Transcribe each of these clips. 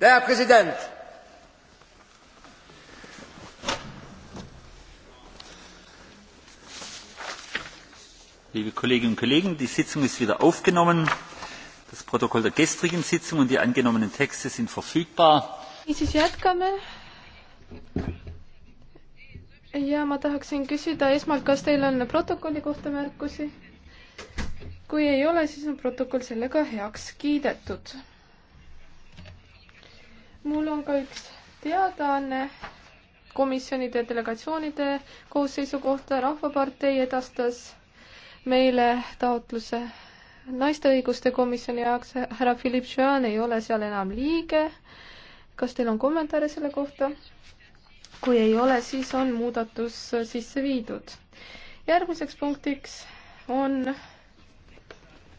Der Präsident! Liebe Kolleginnen und Kollegen, die Sitzung ist wieder aufgenommen. Das Protokoll der gestrigen Sitzung und die angenommenen Texte sind verfügbar. Siis jätkame. Ja ma tahaksin küsida esmalt, kas teil on protokolli kohta märkusi? Kui ei ole, siis on protokoll sellega heaks kiidetud mul on ka üks teadaanne komisjonide ja delegatsioonide koosseisu kohta. rahvapartei edastas meile taotluse naiste õiguste komisjoni jaoks. härra Philipp Schwan ei ole seal enam liige. kas teil on kommentaare selle kohta? kui ei ole, siis on muudatus sisse viidud. järgmiseks punktiks on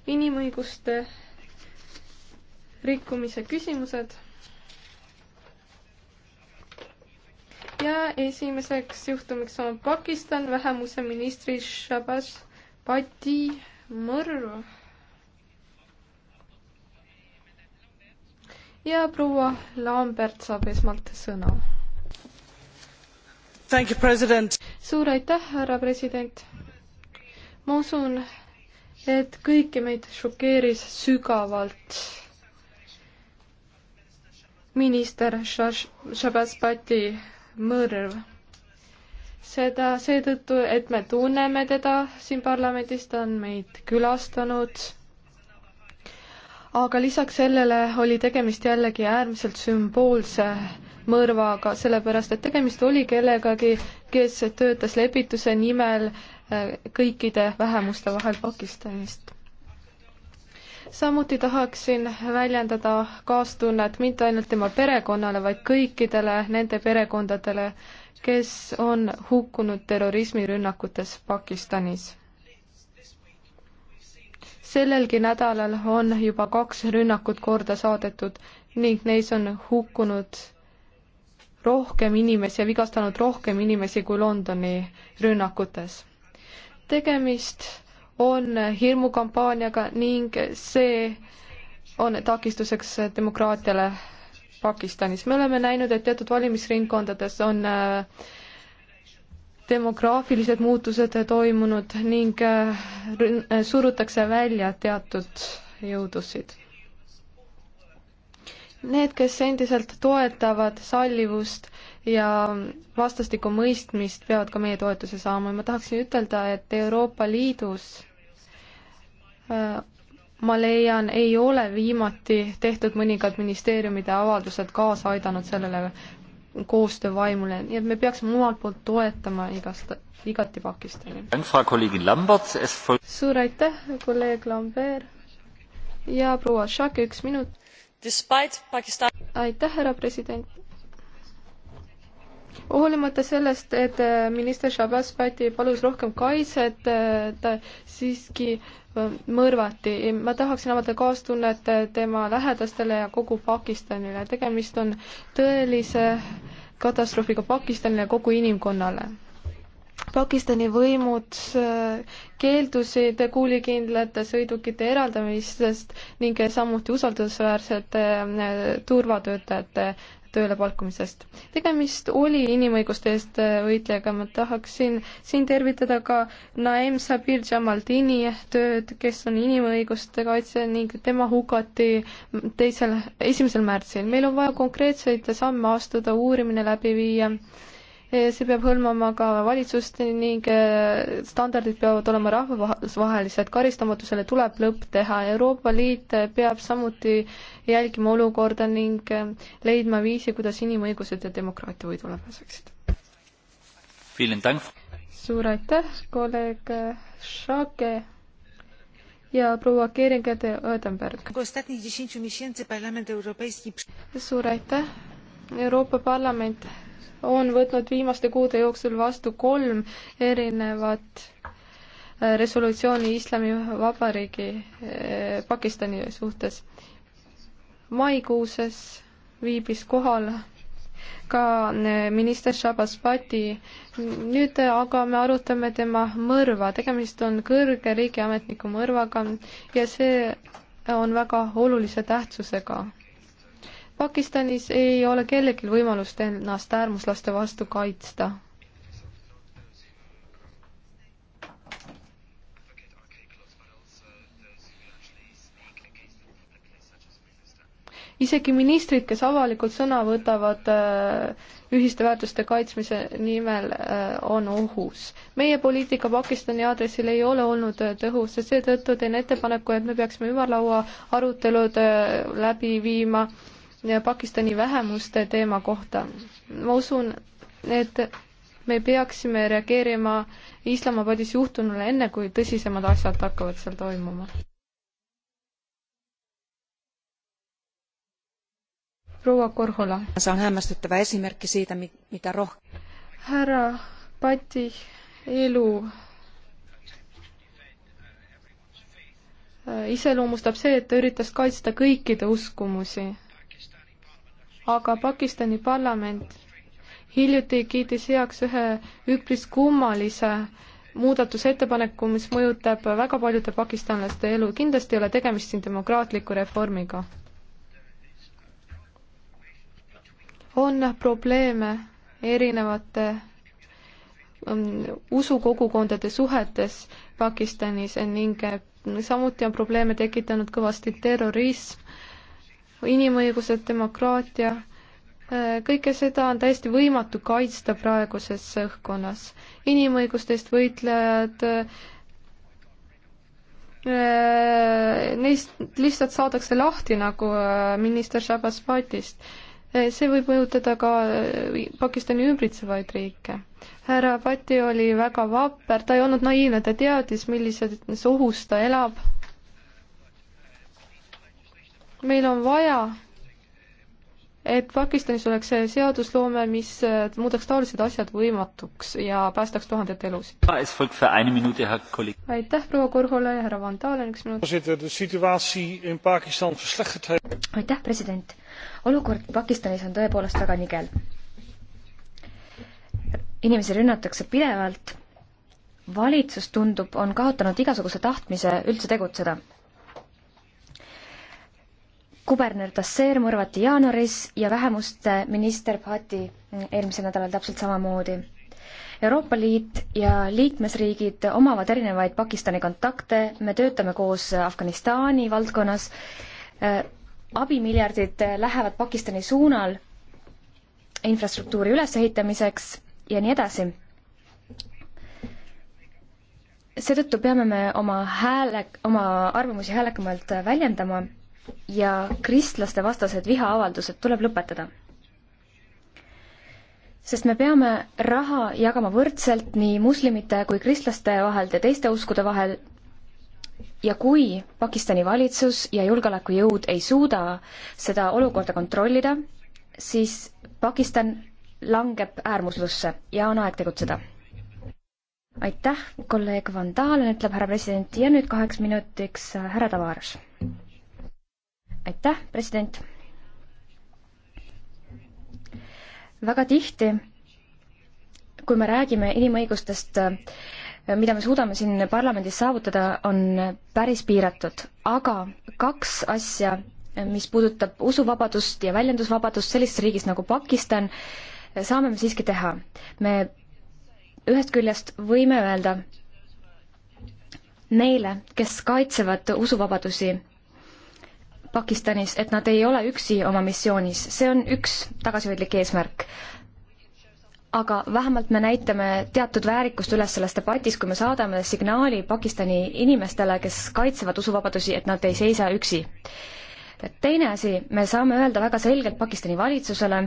inimõiguste rikkumise küsimused ja esimeseks juhtumiks on Pakistan, vähemuse ministri Shabazz Bhatti mõrv. ja proua Lambert saab esmalt sõna. suur aitäh, härra president. ma usun, et kõiki meid šokeeris sügavalt minister Shabazz Bhatti mõõrv. seda seetõttu, et me tunneme teda siin parlamendis, ta on meid külastanud. aga lisaks sellele oli tegemist jällegi äärmiselt sümboolse mõrvaga, sellepärast et tegemist oli kellegagi, kes töötas lepituse nimel äh, kõikide vähemuste vahel Pakistanist samuti tahaksin väljendada kaastunnet mitte ainult tema perekonnale, vaid kõikidele nende perekondadele, kes on hukkunud terrorismirünnakutes Pakistanis. sellelgi nädalal on juba kaks rünnakut korda saadetud ning neis on hukkunud rohkem inimesi ja vigastanud rohkem inimesi kui Londoni rünnakutes. tegemist on hirmukampaaniaga ning see on takistuseks demokraatiale Pakistanis. me oleme näinud, et teatud valimisringkondades on äh, demograafilised muutused toimunud ning äh, äh, surutakse välja teatud jõudusid. Need, kes endiselt toetavad sallivust ja vastastikku mõistmist, peavad ka meie toetuse saama. ma tahaksin ütelda, et Euroopa Liidus ma leian, ei ole viimati tehtud mõningad ministeeriumide avaldused kaasa aidanud sellele koostöövaimule, nii et me peaksime omalt poolt toetama igast, igati Pakistani. suur aitäh, kolleeg Lambert ja proua Šake, üks minut. aitäh, härra president. hoolimata sellest, et äh, minister Shabazz Bati palus rohkem kaitset, äh, ta siiski äh, mõrvati. ma tahaksin avada kaastunnet tema lähedastele ja kogu Pakistanile. tegemist on tõelise katastroofiga Pakistanile ja kogu inimkonnale. Pakistani võimud äh, keeldusid kuulikindlate sõidukite eraldamisest ning samuti usaldusväärsete äh, turvatöötajate tööle palkumisest. tegemist oli inimõiguste eest äh, võitlejaga, ma tahaksin siin tervitada ka Naem Sabir Jamaldini tööd, kes on inimõiguste kaitse ning tema hukati teisel, esimesel märtsil. meil on vaja konkreetseid samme astuda, uurimine läbi viia see peab hõlmama ka valitsust ning äh, standardid peavad olema rahvusvahelised, karistamatusele tuleb lõpp teha. Euroopa Liit peab samuti jälgima olukorda ning äh, leidma viisi, kuidas inimõigused ja demokraatia võidule pääseksid. suur aitäh, kolleeg Šake äh, ja proua Keringer de Ödenberg. suur aitäh, Euroopa Parlament on võtnud viimaste kuude jooksul vastu kolm erinevat äh, resolutsiooni Islamivabariigi äh, Pakistani suhtes. maikuuses viibis kohal ka äh, minister Shabazz Bhatti. nüüd aga me arutame tema mõrva, tegemist on kõrge riigiametniku mõrvaga ja see on väga olulise tähtsusega. Pakistanis ei ole kellelgi võimalust ennast äärmuslaste vastu kaitsta. isegi ministrid, kes avalikult sõna võtavad äh, ühiste väärtuste kaitsmise nimel, äh, on ohus. meie poliitika Pakistani aadressil ei ole olnud äh, tõhus ja seetõttu teen ettepaneku, et me peaksime ümarlaua arutelud läbi viima äh, Pakistani vähemuste teema kohta. ma usun, et me peaksime reageerima Islamabadis juhtunule enne, kui tõsisemad asjad hakkavad seal toimuma. proua Korhola. see on hämmastatava esimerki siitä, mida rohkem. härra Pati elu äh, iseloomustab see, et ta üritas kaitsta kõikide uskumusi aga Pakistani parlament hiljuti kiitis heaks ühe üpris kummalise muudatusettepaneku, mis mõjutab väga paljude pakistanlaste elu. kindlasti ei ole tegemist siin demokraatliku reformiga. on probleeme erinevate um, usukogukondade suhetes Pakistanis ning eh, samuti on probleeme tekitanud kõvasti terrorism inimõigused, demokraatia, kõike seda on täiesti võimatu kaitsta praeguses õhkkonnas. inimõigustest võitlejad, äh, neist lihtsalt saadakse lahti, nagu äh, minister Shabazz-Fatist. Äh, see võib mõjutada ka Pakistani ümbritsevaid riike. härra Fati oli väga vapper, ta ei olnud naiivne, ta teadis, millises ohus ta elab meil on vaja et Pakistanis oleks see seadusloome, mis muudaks taolised asjad võimatuks ja päästaks tuhandet elusid. aitäh proua Korhole ja härra Van Dalen, üks minut. aitäh, president. olukord Pakistanis on tõepoolest väga nigel. inimesi rünnatakse pidevalt, valitsus, tundub, on kaotanud igasuguse tahtmise üldse tegutseda kuberner Tasseer mõrvati jaanuaris ja vähemuste minister Pati eelmisel nädalal täpselt samamoodi. Euroopa Liit ja liikmesriigid omavad erinevaid Pakistani kontakte, me töötame koos Afganistani valdkonnas, abimiljardid lähevad Pakistani suunal infrastruktuuri ülesehitamiseks ja nii edasi. seetõttu peame me oma hääle, oma arvamusi häälekamalt väljendama ja kristlaste vastased vihaavaldused tuleb lõpetada. sest me peame raha jagama võrdselt nii muslimite kui kristlaste vahel ja teiste uskude vahel ja kui Pakistani valitsus ja julgeolekujõud ei suuda seda olukorda kontrollida, siis Pakistan langeb äärmuslusse ja on aeg tegutseda. aitäh, kolleeg Van Dalen, ütleb härra president ja nüüd kaheks minutiks härra Tavares aitäh, president. väga tihti, kui me räägime inimõigustest, mida me suudame siin parlamendis saavutada, on päris piiratud, aga kaks asja, mis puudutab usuvabadust ja väljendusvabadust sellises riigis nagu Pakistan, saame me siiski teha. me ühest küljest võime öelda neile, kes kaitsevad usuvabadusi Pakistanis, et nad ei ole üksi oma missioonis, see on üks tagasihoidlik eesmärk. aga vähemalt me näitame teatud väärikust üles selles debatis, kui me saadame signaali Pakistani inimestele, kes kaitsevad usuvabadusi, et nad ei seisa üksi. teine asi, me saame öelda väga selgelt Pakistani valitsusele,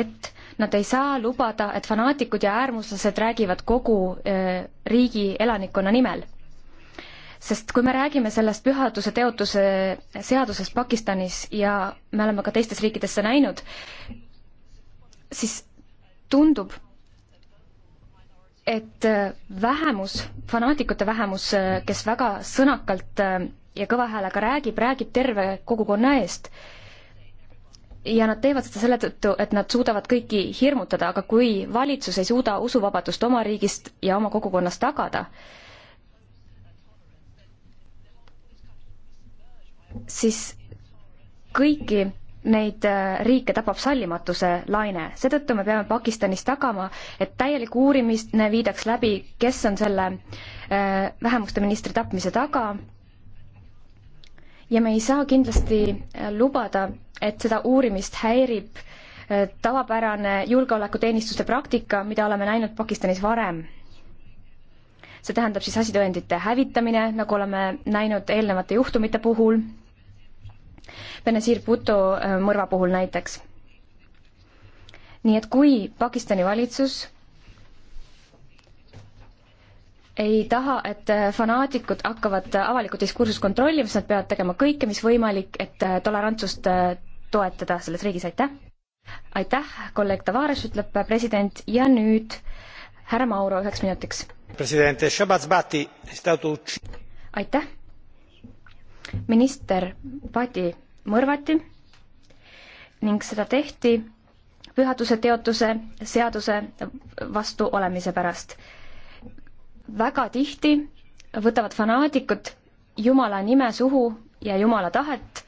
et nad ei saa lubada, et fanaatikud ja äärmuslased räägivad kogu eh, riigi elanikkonna nimel sest kui me räägime sellest pühaduse teotuse seadusest Pakistanis ja me oleme ka teistes riikides seda näinud, siis tundub, et vähemus, fanaatikute vähemus, kes väga sõnakalt ja kõva häälega räägib, räägib terve kogukonna eest. ja nad teevad seda selle tõttu, et nad suudavad kõiki hirmutada, aga kui valitsus ei suuda usuvabadust oma riigist ja oma kogukonnast tagada, siis kõiki neid äh, riike tabab sallimatuse laine. seetõttu me peame Pakistanis tagama, et täielik uurimine viidaks läbi, kes on selle äh, vähemuste ministri tapmise taga. ja me ei saa kindlasti äh, lubada, et seda uurimist häirib tavapärane julgeolekuteenistuste praktika, mida oleme näinud Pakistanis varem. see tähendab siis asitõendite hävitamine, nagu oleme näinud eelnevate juhtumite puhul Benazir Bhutto äh, mõrva puhul näiteks. nii et kui Pakistani valitsus ei taha, et äh, fanaatikud hakkavad äh, avalikku diskursust kontrollima, siis nad peavad tegema kõike, mis võimalik, et tolerantsust toetada selles riigis, aitäh! aitäh, kolleeg Tavares, ütleb president ja nüüd härra Mauro üheks minutiks. aitäh! minister Padi mõrvati ning seda tehti pühaduse teotuse seaduse vastu olemise pärast. väga tihti võtavad fanaatikud Jumala nime suhu ja Jumala tahet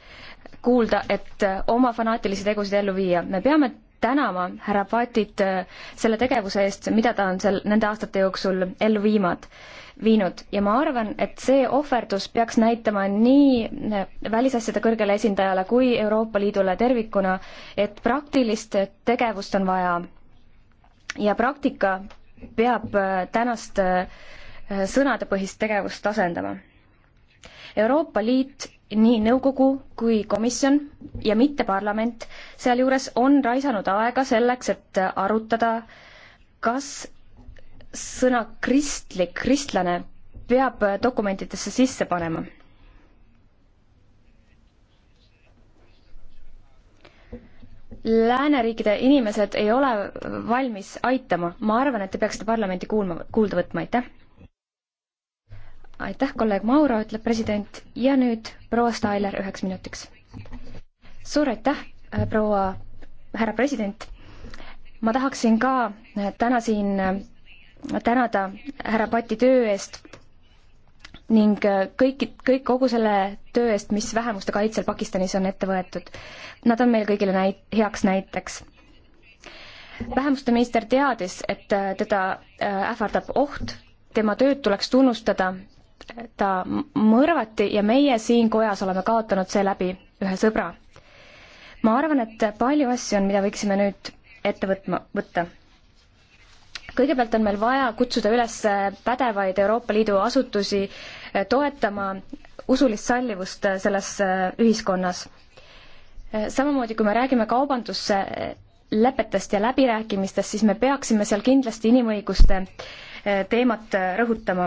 kuulda, et oma fanaatilisi tegusid ellu viia. me peame tänama härra Patit äh, selle tegevuse eest, mida ta on seal nende aastate jooksul ellu viimad, viinud ja ma arvan, et see ohverdus peaks näitama nii äh, välisasjade kõrgele esindajale kui Euroopa Liidule tervikuna, et praktilist tegevust on vaja ja praktika peab äh, tänast sõnadepõhist tegevust asendama. Euroopa Liit nii nõukogu kui komisjon ja mitte parlament sealjuures on raisanud aega selleks, et arutada, kas sõna kristlik, kristlane peab dokumentidesse sisse panema. lääneriikide inimesed ei ole valmis aitama, ma arvan, et te peaksite parlamenti kuulma, kuulda võtma, aitäh aitäh, kolleeg Mauro, ütleb president ja nüüd proua Stailer üheks minutiks. suur aitäh, äh, proua, härra president. ma tahaksin ka äh, täna siin äh, tänada härra Pati töö eest ning kõiki, kõik kogu selle töö eest, mis vähemuste kaitsel Pakistanis on ette võetud. Nad on meile kõigile näit-, heaks näiteks vähemuste minister teadis, et teda ähvardab oht, tema tööd tuleks tunnustada ta mõrvati ja meie siin kojas oleme kaotanud seeläbi ühe sõbra. ma arvan, et palju asju on, mida võiksime nüüd ette võtma, võtta. kõigepealt on meil vaja kutsuda üles pädevaid Euroopa Liidu asutusi eh, toetama usulist sallivust eh, selles eh, ühiskonnas. samamoodi, kui me räägime kaubandusse lepetest ja läbirääkimistest, siis me peaksime seal kindlasti inimõiguste teemat rõhutama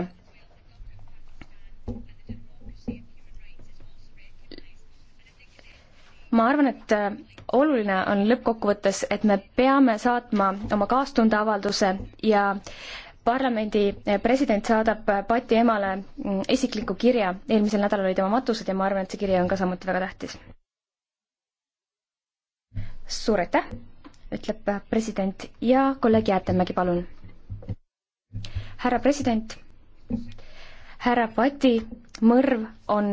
ma arvan, et äh, oluline on lõppkokkuvõttes, et me peame saatma oma kaastundeavalduse ja parlamendi äh, president saadab äh, Pati emale mm, isikliku kirja, eelmisel nädalal oli tema matused ja ma arvan, et see kiri on ka samuti väga tähtis. suur aitäh, ütleb president ja kolleeg Jäätemägi, palun. härra president, härra Pati mõrv on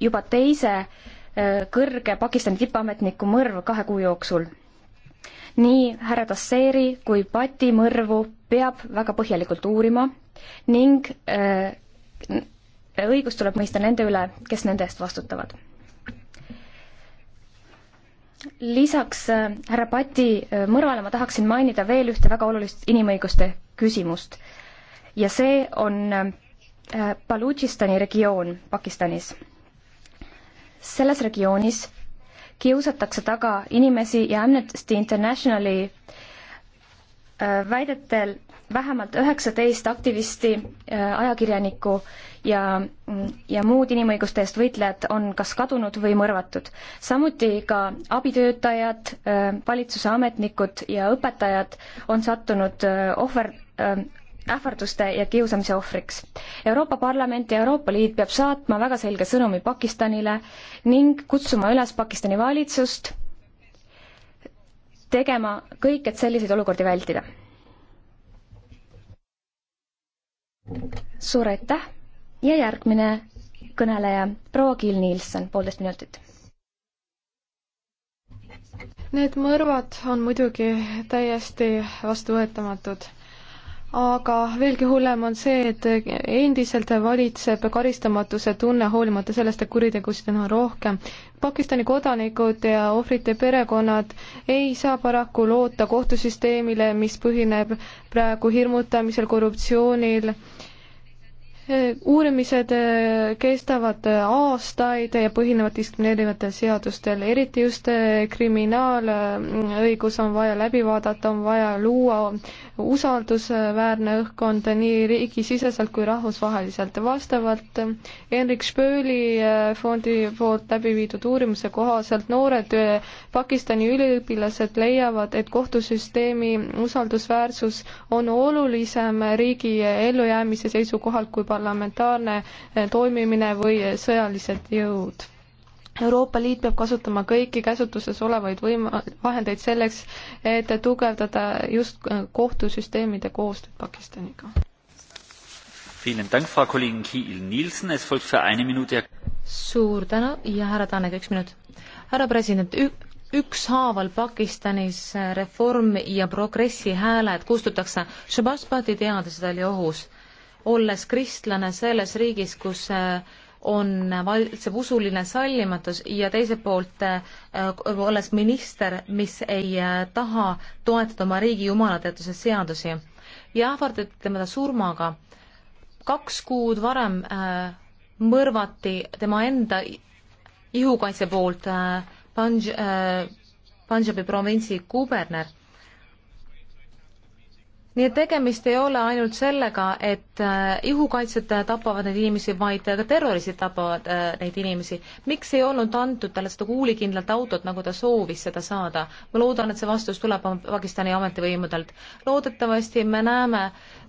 juba teise äh, Äh, kõrge Pakistani tippametniku mõrv kahe kuu jooksul. nii härra Tasseeri kui Pati mõrvu peab väga põhjalikult uurima ning äh, õigus tuleb mõista nende üle, kes nende eest vastutavad lisaks äh, härra Pati mõrvale ma tahaksin mainida veel ühte väga olulist inimõiguste küsimust ja see on Balutšistani regioon Pakistanis selles regioonis kiusatakse taga inimesi ja Amnesty Internationali äh, väidetel vähemalt üheksateist aktivisti, äh, ajakirjanikku ja, ja muud inimõiguste eest võitlejad on kas kadunud või mõrvatud. samuti ka abitöötajad, äh, valitsuse ametnikud ja õpetajad on sattunud ohver, ähvarduste ja kiusamise ohvriks. Euroopa Parlament ja Euroopa Liit peab saatma väga selge sõnumi Pakistanile ning kutsuma üles Pakistani valitsust tegema kõik, et selliseid olukordi vältida. suur aitäh ja järgmine kõneleja, proua Kill Nielsen, poolteist minutit Need mõrvad on muidugi täiesti vastuvõetamatud aga veelgi hullem on see, et endiselt valitseb karistamatuse tunne, hoolimata sellest, et kuritegusid on rohkem. Pakistani kodanikud ja ohvrite perekonnad ei saa paraku loota kohtusüsteemile, mis põhineb praegu hirmutamisel, korruptsioonil äh, uurimised äh, kestavad äh, aastaid ja põhinevad diskrimineerivatel seadustel, eriti just äh, kriminaalõigus on vaja läbi vaadata, on vaja luua usaldusväärne õhkkond nii riigisiseselt kui rahvusvaheliselt. vastavalt Henrik Spööli fondi poolt läbi viidud uurimuse kohaselt noored Pakistani üliõpilased leiavad, et kohtusüsteemi usaldusväärsus on olulisem riigi ellujäämise seisukohalt kui parlamentaarne eh, toimimine või eh, sõjalised jõud Euroopa Liit peab kasutama kõiki käsutuses olevaid võima-, vahendeid selleks, et tugevdada just eh, kohtusüsteemide koostööd Pakistaniga. suur tänu ja härra Tanek, üks minut. härra president, ükshaaval Pakistanis reform ja progressi hääled kustutakse. Shabazz Bhatti teadlased oli ohus olles kristlane selles riigis, kus äh, on valitseb usuline sallimatus ja teiselt poolt äh, olles minister, mis ei äh, taha toetada oma riigi jumalateaduse seadusi. ja ähvardati teda surmaga. kaks kuud varem äh, mõrvati tema enda ihukaitse poolt äh, Panj- äh,, Punjabi provintsi kuberner nii et tegemist ei ole ainult sellega, et äh, ihukaitsjad äh, tapavad neid inimesi, vaid äh, ka terroristid tapavad neid inimesi. miks ei olnud antud talle seda kuulikindlat autot, nagu ta soovis seda saada? ma loodan, et see vastus tuleb Pakistani ametivõimudelt. loodetavasti me näeme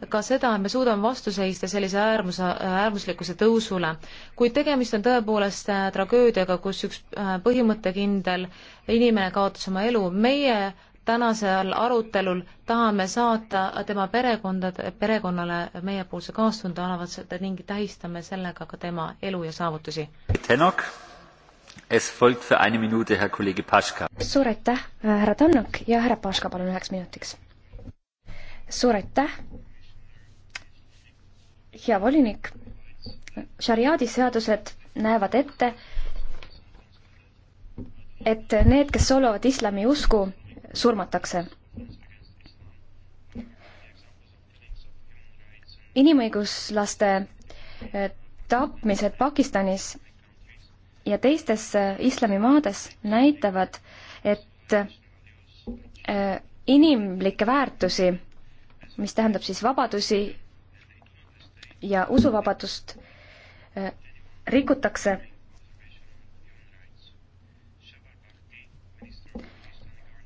ka seda, et me suudame vastu seista sellise äärmus, äärmuslikkuse tõusule. kuid tegemist on tõepoolest tragöödiaga, kus üks põhimõttekindel inimene kaotas oma elu. meie tänasel arutelul tahame saata tema perekondade, perekonnale meiepoolse kaastunde alavõtse ning tähistame sellega ka tema elu ja saavutusi. suur aitäh, härra Tannok ja härra Paška, palun üheks minutiks. suur aitäh, hea volinik. šariaadi seadused näevad ette, et need, kes soolavad islami usku, surmatakse. inimõiguslaste eh, tapmised Pakistanis ja teistes eh, islamimaades näitavad, et eh, inimlikke väärtusi, mis tähendab siis vabadusi ja usuvabadust, rikutakse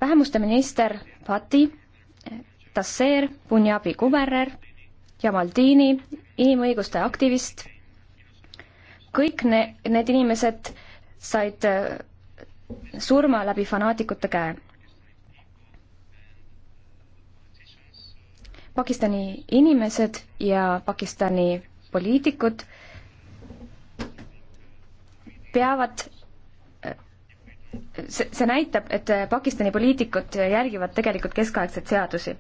vähemuste minister Fati, Tasseer, Punjabi kuberner, Jamaldini, inimõiguste aktivist, kõik ne-, need inimesed said äh, surma läbi fanaatikute käe. Pakistani inimesed ja Pakistani poliitikud peavad see, see näitab, et Pakistani poliitikud järgivad tegelikult keskaegseid seadusi.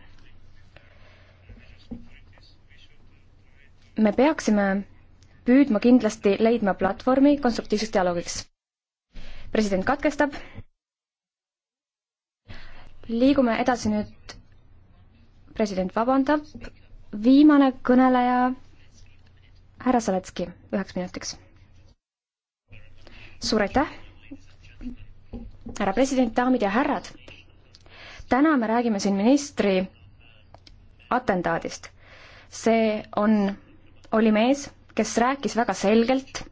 me peaksime püüdma kindlasti leidma platvormi konstruktiivseks dialoogiks. president katkestab. liigume edasi nüüd, president vabandab, viimane kõneleja, härra Saletski, üheks minutiks. suur aitäh härra president, daamid ja härrad. täna me räägime siin ministri atendaadist. see on, oli mees, kes rääkis väga selgelt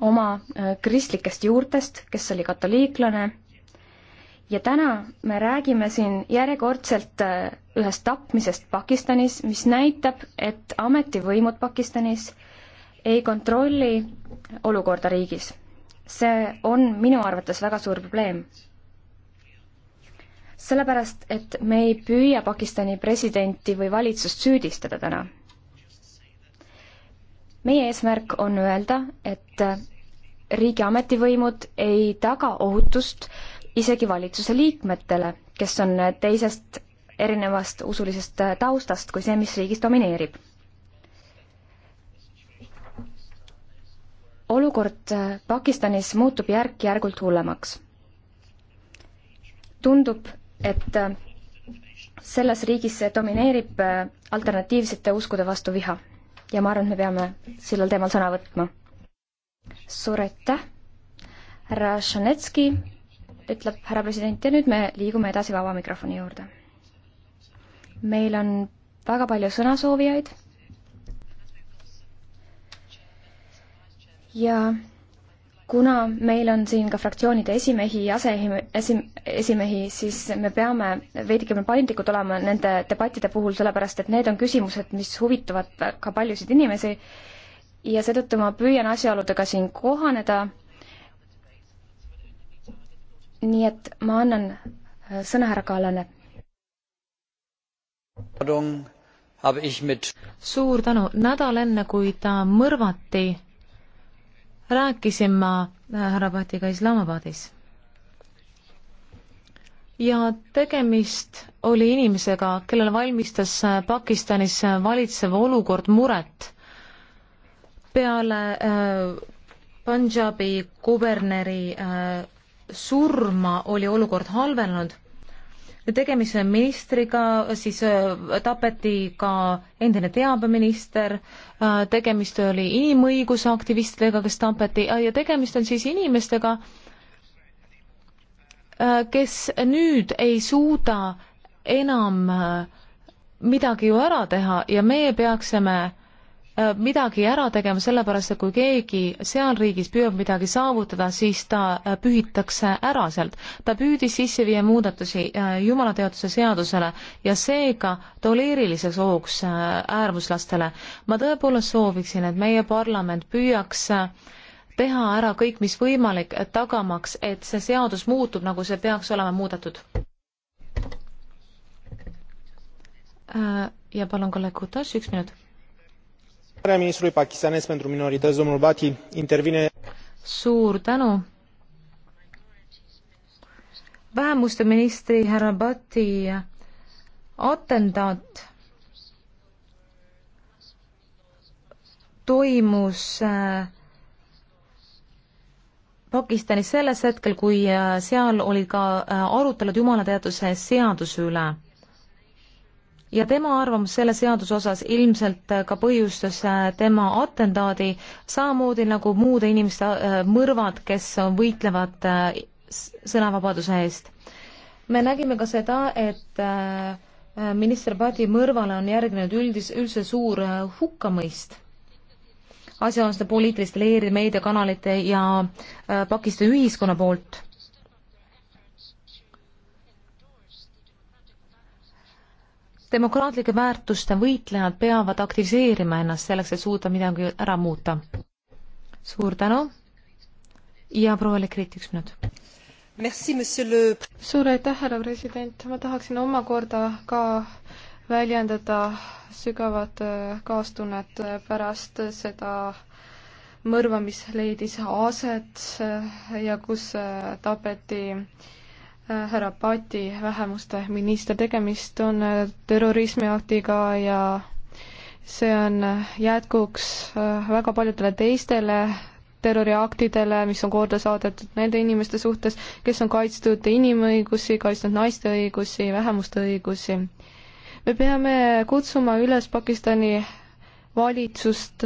oma äh, kristlikest juurtest, kes oli katoliiklane ja täna me räägime siin järjekordselt äh, ühest tapmisest Pakistanis, mis näitab, et ametivõimud Pakistanis ei kontrolli olukorda riigis see on minu arvates väga suur probleem. sellepärast, et me ei püüa Pakistani presidenti või valitsust süüdistada täna. meie eesmärk on öelda, et riigi ametivõimud ei taga ohutust isegi valitsuse liikmetele, kes on teisest erinevast usulisest taustast kui see, mis riigis domineerib olukord äh, Pakistanis muutub järk-järgult hullemaks. tundub, et äh, selles riigis domineerib äh, alternatiivsete uskude vastu viha ja ma arvan, et me peame sellel teemal sõna võtma. suur aitäh, härra Šanetski, ütleb härra president ja nüüd me liigume edasi vaba mikrofoni juurde. meil on väga palju sõnasoovijaid ja kuna meil on siin ka fraktsioonide esimehi ja aseesimehi, siis me peame veidikene paindlikud olema nende debattide puhul, sellepärast et need on küsimused, mis huvitavad ka paljusid inimesi ja seetõttu ma püüan asjaoludega siin kohaneda. nii et ma annan äh, sõna härra Kallale. suur tänu, nädal enne, kui ta mõrvati rääkisin ma äh, härra Patiga Islamabadis. ja tegemist oli inimesega, kellele valmistas äh, Pakistanis äh, valitsev olukord muret. peale äh, Punjabi kuberneri äh, surma oli olukord halvenenud tegemist ministriga, siis äh, tapeti ka endine teabeminister, äh, tegemist oli inimõiguse aktivistidega, kes tapeti äh, ja tegemist on siis inimestega, kes nüüd ei suuda enam midagi ju ära teha ja meie peaksime Äh, midagi ära tegema, sellepärast et kui keegi seal riigis püüab midagi saavutada, siis ta äh, pühitakse ära sealt. ta püüdis sisse viia muudatusi äh, jumalateaduse seadusele ja seega toleeriliseks hoogs äärmuslastele. ma tõepoolest sooviksin, et meie parlament püüaks teha ära kõik, mis võimalik, tagamaks, et see seadus muutub, nagu see peaks olema muudetud. ja palun, kolleeg Kutas, üks minut ministrului pakistanez pentru minorități domnul bhatti intervine. suur tänu vähemuste ministri härra Bhatti atentaat toimus äh, Pakistanis selles hetkel, kui äh, seal olid ka äh, arutelud jumalateaduse seaduse üle ja tema arvamus selle seaduse osas ilmselt ka põhjustas äh, tema atendaadi, samamoodi nagu muude inimeste äh, mõrvad, kes võitlevad äh, sõnavabaduse eest. me nägime ka seda, et minister Padi mõrvale on järgnenud üldis, üldse suur hukkamõist asjaomaste poliitiliste leeri, meediakanalite ja Pakistani ühiskonna poolt demokraatlike väärtuste võitlejad peavad aktiviseerima ennast selleks, et suuda midagi ära muuta. suur tänu ja proua Lekrit, üks minut. suur aitäh, härra president, ma tahaksin omakorda ka väljendada sügavat äh, kaastunnet äh, pärast seda mõrva, mis leidis aset äh, ja kus tapeti äh, härra Paati vähemuste minister, tegemist on äh, terrorismiaktiga ja see on äh, jätkuks äh, väga paljudele teistele terroriaktidele, mis on korda saadetud nende inimeste suhtes, kes on kaitstud inimõigusi, kaitsnud naiste õigusi, vähemuste õigusi. me peame kutsuma üles Pakistani valitsust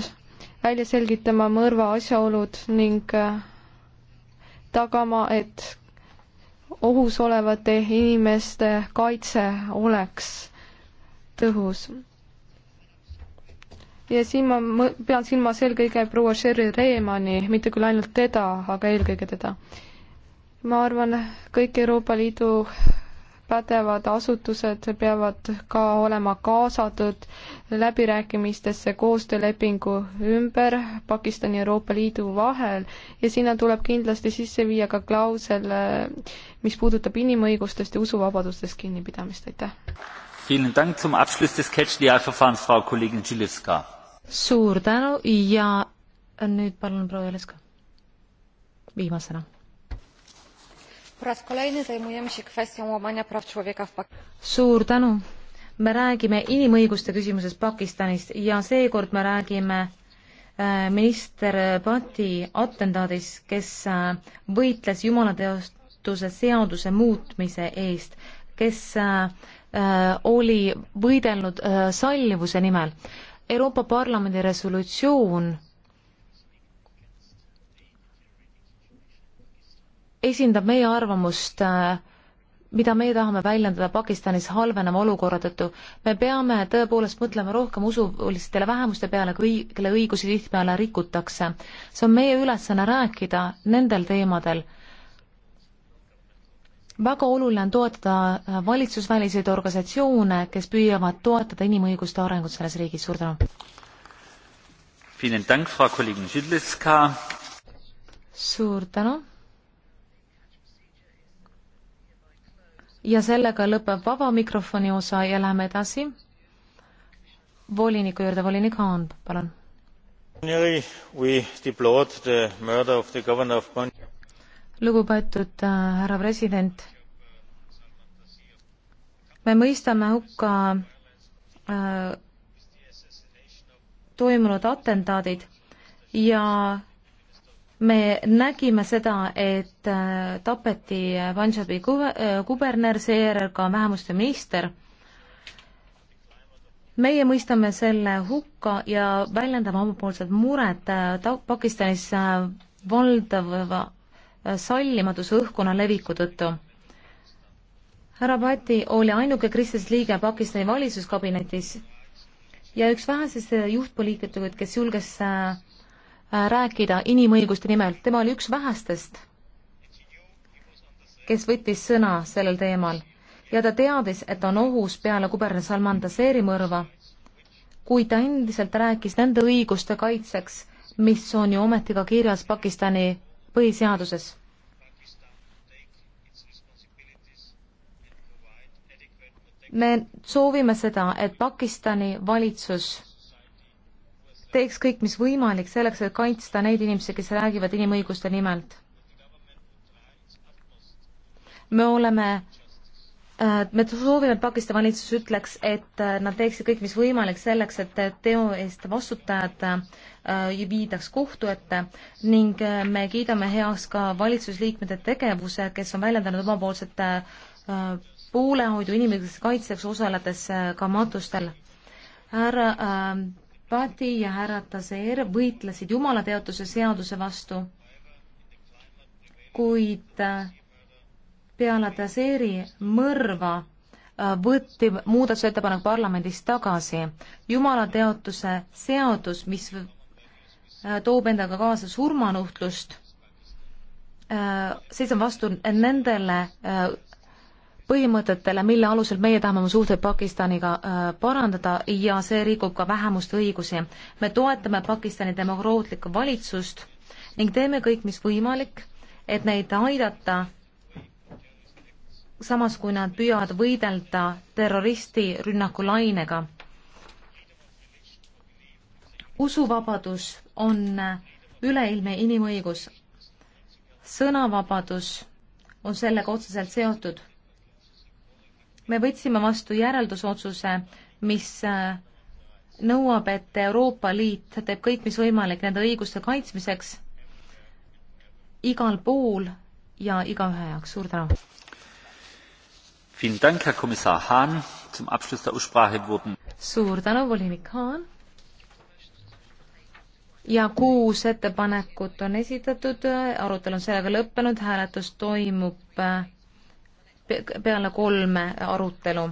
välja selgitama mõrva asjaolud ning tagama, et ohus olevate inimeste kaitse oleks tõhus. ja siin ma pean silmas eelkõige proua Sherry Reemani, mitte küll ainult teda, aga eelkõige teda. ma arvan, kõik Euroopa Liidu pädevad asutused peavad ka olema kaasatud läbirääkimistesse koostöölepingu ümber Pakistani ja Euroopa Liidu vahel ja sinna tuleb kindlasti sisse viia ka klausel, äh, mis puudutab inimõigustest ja usuvabadustest kinnipidamist, aitäh. suur tänu ja nüüd palun proua Jeleska viimasena suur tänu. me räägime inimõiguste küsimuses Pakistanis ja seekord me räägime äh, minister Bhatti atendaadis, kes äh, võitles jumalateostuse seaduse muutmise eest, kes äh, oli võidelnud sallivuse nimel. Euroopa Parlamendi resolutsioon esindab meie arvamust, äh, mida meie tahame väljendada Pakistanis halveneva olukorra tõttu. me peame tõepoolest mõtlema rohkem usulistele vähemuste peale, kui, kelle õigusi tihtipeale rikutakse. see on meie ülesanne rääkida nendel teemadel. väga oluline on toetada äh, valitsusväliseid organisatsioone, kes püüavad toetada inimõiguste arengut selles riigis. suur tänu! suur tänu! ja sellega lõpeb vaba mikrofoni osa ja läheme edasi voliniku juurde, volinik Haan, palun. lugupeetud äh, härra president, me mõistame hukka äh, toimunud atentaadid ja me nägime seda, et äh, tapeti Punjabi äh, kuberner, seejärel ka vähemuste minister. meie mõistame selle hukka ja väljendame omapoolsed mured äh, Pakistanis valdava sallimatuse õhkkonna leviku tõttu. härra Bhatti oli ainuke kristlasest liige Pakistani valitsuskabinetis ja üks vähesest juhtpoliitikuid, kes julges äh, Äh, rääkida inimõiguste nimel, tema oli üks vähestest, kes võttis sõna sellel teemal ja ta teadis, et on ohus peale kuberner Salman Taseeri mõrva, kuid ta endiselt rääkis nende õiguste kaitseks, mis on ju ometi ka kirjas Pakistani põhiseaduses. me soovime seda, et Pakistani valitsus teeks kõik, mis võimalik selleks, et kaitsta neid inimesi, kes räägivad inimõiguste nimelt. me oleme, äh, me soovime, et Pakistani valitsus ütleks, et äh, nad teeksid kõik, mis võimalik selleks, et teo eest vastutajad äh, viidaks kohtu ette ning me kiidame heaks ka valitsusliikmete tegevuse, kes on väljendanud omapoolset poolehoidu inimõiguste kaitseks osaledes ka matustel. härra äh, Pati ja härra Taseer võitlesid jumalateotuse seaduse vastu, kuid äh, peale Taseeri mõrva äh, võtti muudatusettepanek parlamendis tagasi. jumalateotuse seadus, mis äh, toob endaga kaasa surmanuhtlust, seisab vastu nendele põhimõtetele, mille alusel meie tahame oma suhteid Pakistaniga äh, parandada ja see rikub ka vähemuste õigusi. me toetame Pakistani demokraatlikku valitsust ning teeme kõik, mis võimalik, et neid aidata, samas kui nad püüavad võidelda terroristirünnaku lainega. usuvabadus on üleilmne inimõigus. sõnavabadus on sellega otseselt seotud me võtsime vastu järeldusotsuse, mis äh, nõuab, et Euroopa Liit teeb kõik, mis võimalik nende õiguste kaitsmiseks igal pool ja igaühe jaoks. suur tänu! suur tänu, volinik Haan! ja kuus ettepanekut on esitatud, arutelu on sellega lõppenud, hääletus toimub äh, peale kolme arutelu